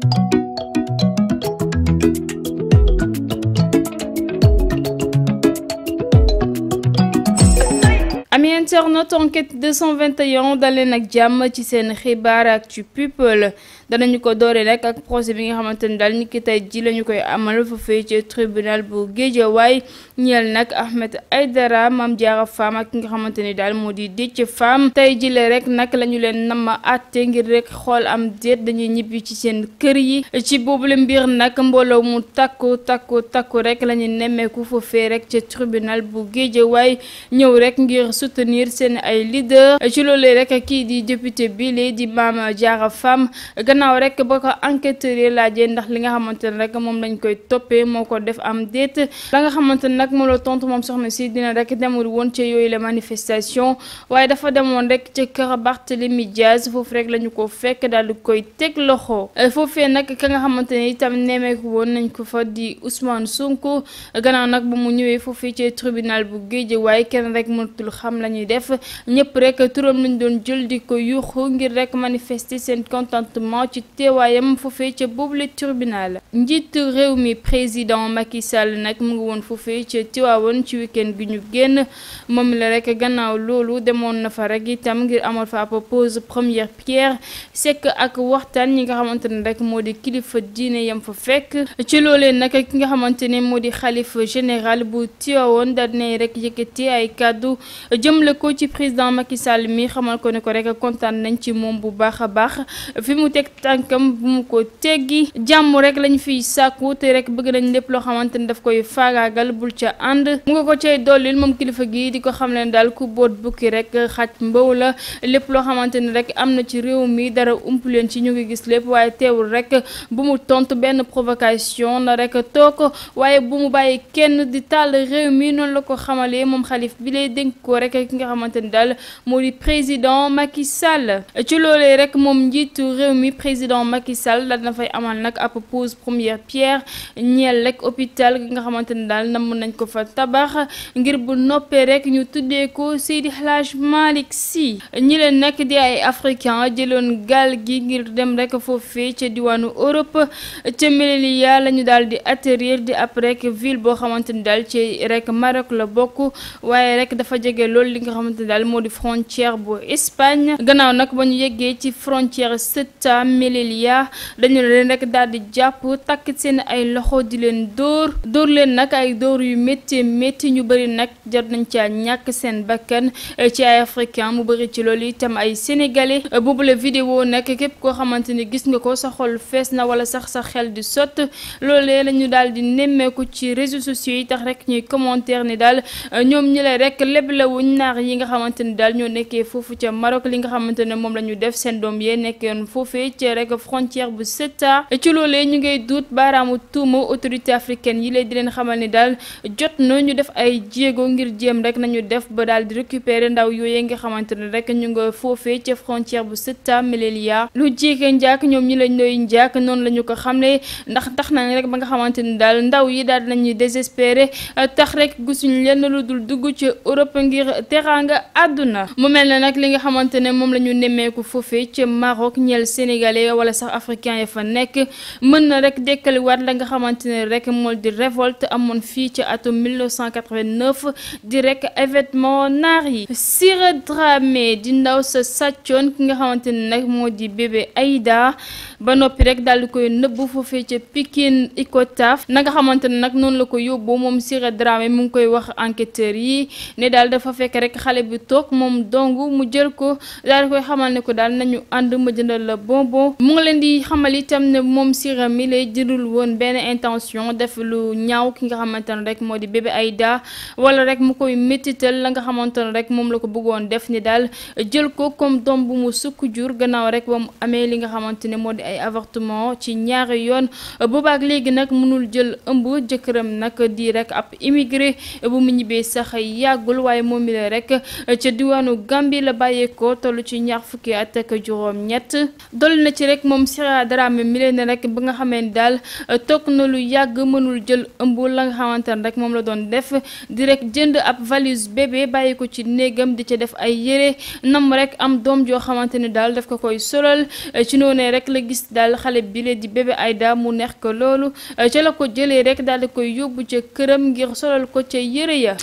thank you ami internet enquête 221 daleen nag jàmm ci seen xibaar ak ci people danañu ko doore nag ak procès bi nga xamante ni daal niki tey ji lañu koy amal foofee ci tribunal bu Guédiawaye ñeel nag Ahmed Aïdara Mame Diarra Fam ak nga xamante ni daal moo di Déthié Fam tey jile rek nag lañu leen nama àtte ngir rek xool am déet dañuy ñibbi ci seen kër yi ci boobule mbir nag mbooloo mu takku takku takku rek lañu nemmeeku foofee rek ca tribunal bu waaye ñëw rek ngir. soutenir seen ay leader ci loolee rek kii di député bi lee di Mame Diarra Fam gannaaw rek ba ko enquêteur yi laajee ndax li nga xamante ne rek moom lañ koy toppee moo ko def am déet la nga xamante ne nag moom la tontu moom soxna si dina rek demul woon ca yooyu la manifestation waaye dafa demoon rek ca kër Barthélémy Diaz foofu rek la ko fekk daal di koy teg loxo foofee nag ka nga xamante ne itam nemeeku woon nañ ko fa di Ousmane Sonko gannaaw nag ba mu ñëwee foofee ci tribunal bu Guédiawaye kenn rek mënatul xam xam la ñuy def ñëpp rek turam lañ doon jël di ko yuuxu ngir rek manifester seen contentement ci teewaayam foofee ca boobule tribunal. njiit réew mi président Macky Sall nag mu ngi woon foofee ca Tiwaawoon ci week-end gi ñu génn moom la rek gannaaw loolu demoon na fa rek itam ngir amal fa ab pose première pierre sekk ak waxtaan ñi nga xamante ne rek moo di kilifa diine yam fa fekk ci loolee nag ki nga xamante ne moo di xalifa général bu Tiwaawoon daal jëmle ko ci président Macky Sall mi xamal ko ne ko rek kontaan nañ ci moom bu baax a baax fi mu teg tànkam bu mu ko teggi jàmm rek lañ fiy sàkku te rek bëgg nañ lépp loo xamante ni daf koy faagaagal bul ca ànd mu ko cay dollil moom kilifa gi di ko xam leen daal ku boot bukki rek xaj mbaw la lépp loo xamante ni rek am na ci réew mi dara ump leen ci ñu ngi gis lépp waaye teewul rek bu mu tontu benn provocation na rek toog waaye bu mu bàyyi kenn di tàll réew mi noonu la ko xamalee moom xalif bi lay dénk ko rek ak ki nga xamante ni daal moo di président Macky Sall ci loolee rek moom njiitu réew mi président Macky Sall daal fay amal nag ab pose première pierre ñeel rek hôpital gi nga xamante ni daal namm nañ ko fa tabax ngir bu noppee rek ñu tuddee ko Seydi Hadj Malick Sy ñi leen nag di ay africain jëloon gaal gi ngir dem rek foofee ca diwaanu Europe ca Melilla yàlla ñu daal di atterrir di ab rek ville boo xamante ni daal ci rek Maroc la bokk waaye rek dafa jege loolu li nga xamante ne daal moo di frontière bu Espagne gannaaw nag ba ñu yeggee ci frontière Ceuta Melilla dañu leen rek daal di jàpp takk seen ay loxo di leen door door leen nag ay door yu métti métti ñu bëri nag jot nañ caa ñàkk seen bakkan eh, ci ay africain mu bëri ci loolu itam ay sénégalais eh, boobule vidéo nag képp koo xamante ni gis nga ko sa xol fees na wala sax sa xel di sot loolee la ñu di nemmeeku ci réseaux sociaux yi tax rek ñuy commentaire ni eh, naar yi nga xamante ne daal ñoo nekkee foofu ca Maroc li nga xamante ne moom la ñu def seen doom yee nekkoon foofee ca rek frontière bu CETA ci loolee ñu ngay duut baaraamu tuuma autorité africaine yi lay di leen xamal ni daal jot na ñu def ay jéego ngir jéem rek nañu def ba daal di récupérer ndaw yooyee nga xamante ne rek ñu nga foofee ca frontière bu CETA Melilla lu jéege njaak ñoom ñi lañ nooy njaak noonu lañu ko xam ne ndax tax na rek ba nga xamante ni daal ndaw yi daal nañuy désespéré tax rek gisuñu teranga àdduna mu mel ne nag li nga xamante ne moom la ñu nemmeeku foofee ca Maroc ñeel sénégalais wala sax africain ya fa nekk mën na rek dekkaliwaat la nga xamante ne rek moo di révolte amoon fii ci atum 1989 di rek événement naar yi Sira Dramé di ndaw sa sàccoon ki nga xamante ne nag moo di bébé Aïda ba noppi rek daal di koy nëbb foofee ca Pikine Icotaf na nga xamante ne nag noonu la ko yóbbu moom Sira Dramé mu ngi koy wax enquêteur yi ne daal dafa fekk rek xale bi toog moom dong mu jël ko daal di koy xamal ne ko daal nañu ànd ma jëndal la bonbon mu nga leen di xamal tam ne moom Sira mi lay jëndul woon benn intention def lu ñaaw ki nga xamante ne rek moo di bébé Aïda wala rek mu koy métital la nga xamante ne rek moom la ko bëggoon def ni daal jël ko comme doom bu mu sukk jur gannaaw rek ba mu amee li nga xamante ne moo di ay avortement ci ñaari yoon boobaak léegi nag mënul jël ëmb jëkkëram nag di rek ab immigré bu mu ñibbee sax yàggul waaye moom yooyule rek ca diwaanu Gambie la bàyyeekoo tollu ci ñaar fukki at ak juróom-ñett dolli na ci rek moom Sira Dramé mi leen rek ba nga xamee ni daal toog na lu yàgg mënul jël ëmb la nga xamante ne rek moom la doon def di rek jënd ab valise bébé bàyyi ko ci néegam di ca def ay yére namm rek am doom joo xamante ni daal daf ko koy solal ci noonee rek la gis daal xale bi lee di bébé Aïda mu neex ko loolu ca la ko jëlee rek daal di koy yóbbu ca këram ngir solal ko ca yére ya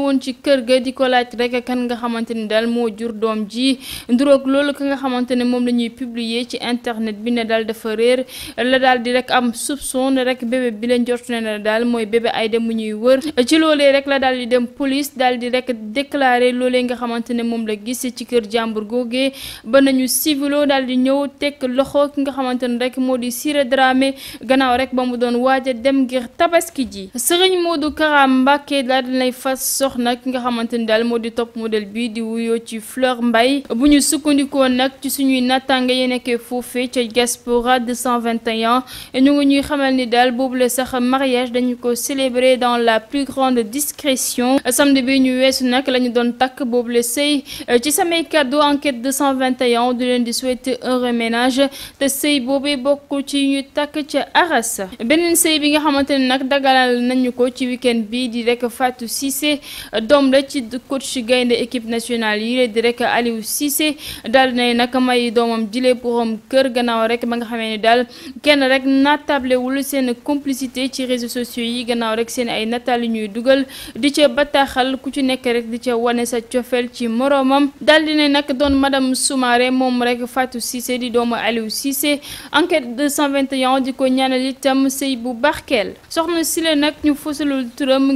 ñëwoon ci kër ga di ko laaj rek kan nga xamante ni daal moo jur doom ji nduroog loolu ka nga xamante ne moom la ñuy publier ci internet bi ne daal dafa réer la daal di rek am soupçon ne rek bébé bi leen jortu ne daal mooy bébé dem mu ñuy wër ci loolee rek la daal di dem police daal di rek déclaré loolee nga xamante ne moom la gis ci kër jàmbur googee ba nañu civilo daal di ñëw tekk loxo ki nga xamante ne rek moo di Siré Dramé gannaaw rek ba mu doon waaj dem ngir tabaski ji jox nag ki nga xamante ni daal moo di topp modèle bi di wuyoo ci Fleur Mbaye bu ñu sukkandikoo nag ci suñuy nattaange yi nekkee foofee ca diaspora 221 ñu ngi ñuy xamal ni daal boobule sax mariage dañu ko célébrer dans la plus grande discrétion samedi bi ñu weesu nag la ñu doon takk boobule sëy ci samay kàddu enquête 221 di leen di souhaiter heureux ménage te sëy boobee bokk ci ñu takk ca Aras beneen sëy bi nga xamante ne nag dagalal nañu ko ci week-end bi di rekk Fatou Cissé doom la ci coach gaynde équipe nationale yi di rek Aliou Cissé daal na nag may doomam jile borom kër gannaaw rek ba nga xamee ni daal kenn rek nattablewul seen complicité ci réseaux sociaux yi gannaaw rek seen ay nataal yu ñuy dugal di ca bataaxal ku ci nekk rek di ca wane sa cofeel ci moroomam daal dina nag doon madame Soumaré moom rek Fatou Cissé di doomu Aliou Cissé enquête 221 di ko ñaanal itam sëy bu barkeel soxna Sile nag ñu fësalul turam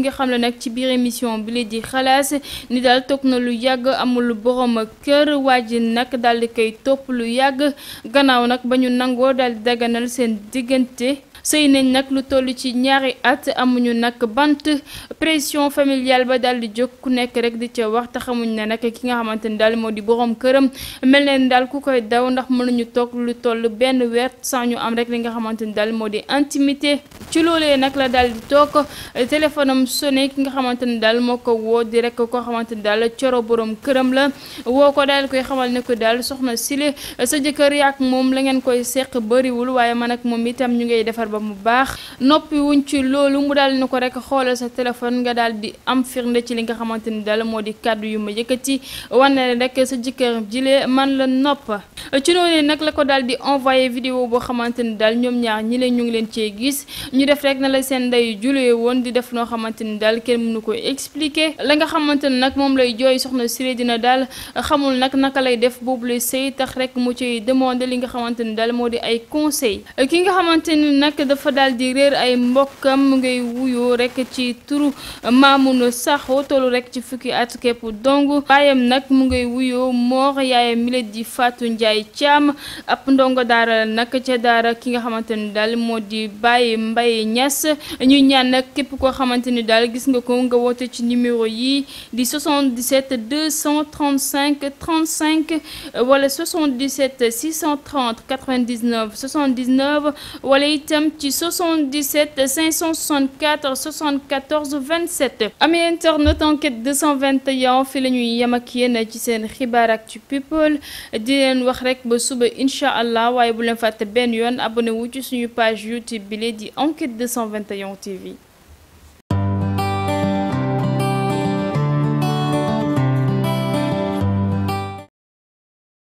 bi lii di xalaas ni daal toog na lu yàgg amul borom kër waa ji nag daal di koy topp lu yàgg gannaaw nag ba ñu nangoo daal di daganal seen diggante sëy nañ nag lu toll ci ñaari at amuñu nag bant pression familiale ba daal di jóg ku nekk rek di ca wax te xamuñ ne nag ki nga xamante ni daal moo di borom këram mel ne daal ku koy daw ndax mënuñu toog lu toll benn weer sans ñu am rek li nga xamante ni daal moo di intimité ci loolee nag la daal di toog téléphone am sonné ki nga xamante ni daal moo ko woo di rek koo xamante ni daal coro borom këram la woo ko daal koy xamal ne ko daal soxna Sile sa jëkkër yaak moom la ngeen koy seq bariwul waaye mën ak moom itam ñu ngay defar ba mu baax noppi wuñ ci loolu mu daal na ko rek xoolal sa téléphone nga daal di am firnde ci li nga xamante ni daal moo di kàddu yu ma yëkkati wane rek sa jëkkër jile man la nopp ci noonu nag la ko daal di envoyé vidéo boo xamante ni daal ñoom ñaar ñi leen ñu ngi leen cee gis ñu def rek na la seen nday julee woon di def noo xamante ni daal kenn mënu ko expliquer la nga xamante ni nag moom lay jooy soxna Siré dina daal xamul nag naka lay def boobu lay sëy tax rek mu ciy de li nga xamante ni daal moo di ay conseil ki nga xamante nag dafa daal di réer ay mbokkam mu ngay wuyoo rekk ci turu na Sakho tollu rekk ci fukki at képp dong baayam nag mu ngay wuyoo moor yaayam mi di Fatou Ndiaye Thiam ab ndongo daara nag ca daara ki nga xamante ni daal moo di Baye Mbaye ñas ñuy ñaan nag képp koo xamante ni daal gis nga ko nga woote ci numéro yi di 77 235 35 wala 77 630 99 79 wala itam ci 77 564 74 27 amee internet enquête 221 fi la ñuy yem ak yéen ci seen xibaar ak ci people di leen wax rek ba suba incha allah waaye bu leen fàtte benn yoon abonné wu ci suñu page YouTube bi di enquête 221 TV.